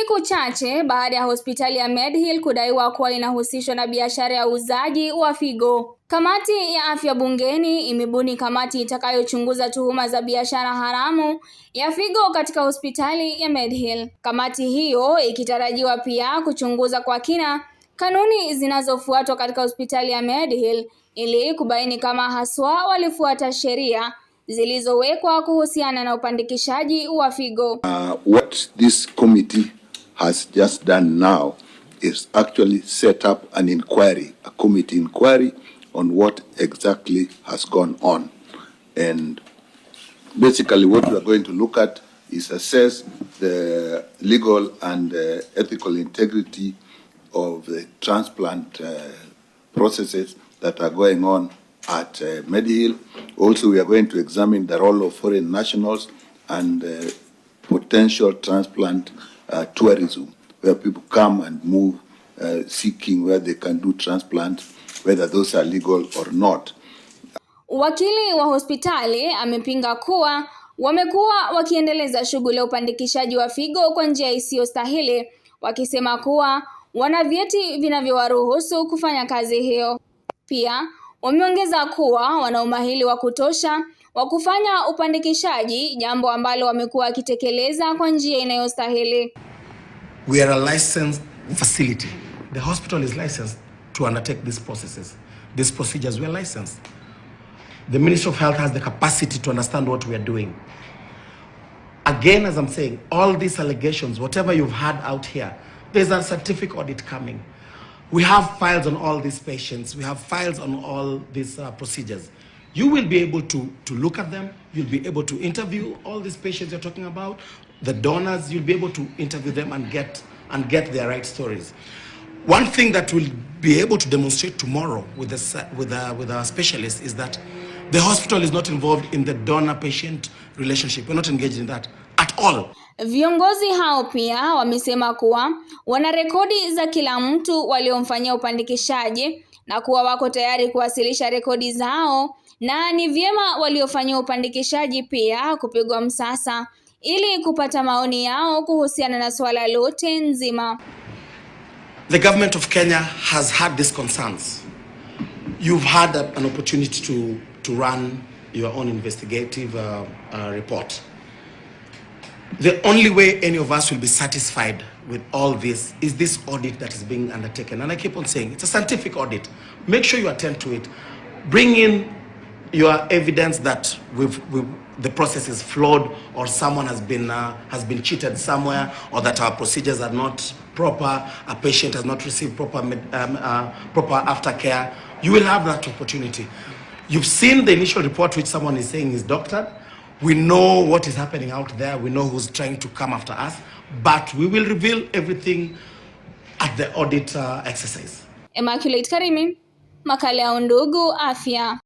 Siku chache baada ya hospitali ya Medhill kudaiwa kuwa inahusishwa na biashara ya uuzaji wa figo, kamati ya afya bungeni imebuni kamati itakayochunguza tuhuma za biashara haramu ya figo katika hospitali ya Medhill. Kamati hiyo ikitarajiwa pia kuchunguza kwa kina kanuni zinazofuatwa katika hospitali ya Medhill ili kubaini kama haswa walifuata sheria zilizowekwa kuhusiana na upandikishaji wa figo. Uh, what this committee has just done now is actually set up an inquiry, a committee inquiry on what exactly has gone on. And basically what we are going to look at is assess the legal and uh, ethical integrity of the transplant uh, processes that are going on at uh, Medihill. Also, we are going to examine the role of foreign nationals and uh, potential transplant uh, tourism where people come and move uh, seeking where they can do transplants whether those are legal or not. Wakili wa hospitali amepinga kuwa wamekuwa wakiendeleza shughuli ya upandikishaji wa figo kwa njia isiyo stahili wakisema kuwa wana vyeti vinavyowaruhusu kufanya kazi hiyo. Pia wameongeza kuwa wana umahili wa kutosha wa kufanya upandikishaji, jambo ambalo wamekuwa wakitekeleza kwa njia inayostahili. We are a licensed facility. The hospital is licensed to undertake these processes. These procedures are licensed. The Ministry of Health has the capacity to understand what we are doing. Again, as I'm saying, all these allegations, whatever you've had out here, there's a scientific audit coming. We have files on all these patients. We have files on all these uh, procedures you will be able to, to look at them. You'll be able to interview all these patients you're talking about, the donors, you'll be able to interview them and get, and get their right stories. One thing that we'll be able to demonstrate tomorrow with, the, with, the, uh, with our specialists is that the hospital is not involved in the donor-patient relationship. We're not engaged in that at all. Viongozi hao pia wamesema kuwa wana rekodi za kila mtu waliomfanyia upandikishaji na kuwa wako tayari kuwasilisha rekodi zao na ni vyema waliofanyiwa upandikishaji pia kupigwa msasa ili kupata maoni yao kuhusiana na suala lote nzima. The government of Kenya has had these concerns. You've had an opportunity to, to run your own investigative uh, uh, report. The only way any of us will be satisfied with all this is this audit that is being undertaken. And I keep on saying it's a scientific audit. Make sure you attend to it. Bring in your evidence that we've, we've the process is flawed or someone has been uh, has been cheated somewhere or that our procedures are not proper a patient has not received proper med, um, uh, proper aftercare you will have that opportunity you've seen the initial report which someone is saying is doctored We know what is happening out there. We know who's trying to come after us, but we will reveal everything at the audit uh, exercise. Immaculate Karimi, makale Undugu Afya.